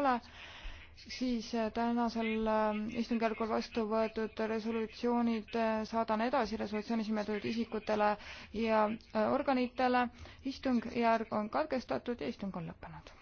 ole, siis äh, tänasel äh, istungjärgul vastu võetud resolutsioonid äh, saadame edasi resolutsioonis nimetatud isikutele ja organitele. istungjärg on katkestatud ja istung on lõppenud.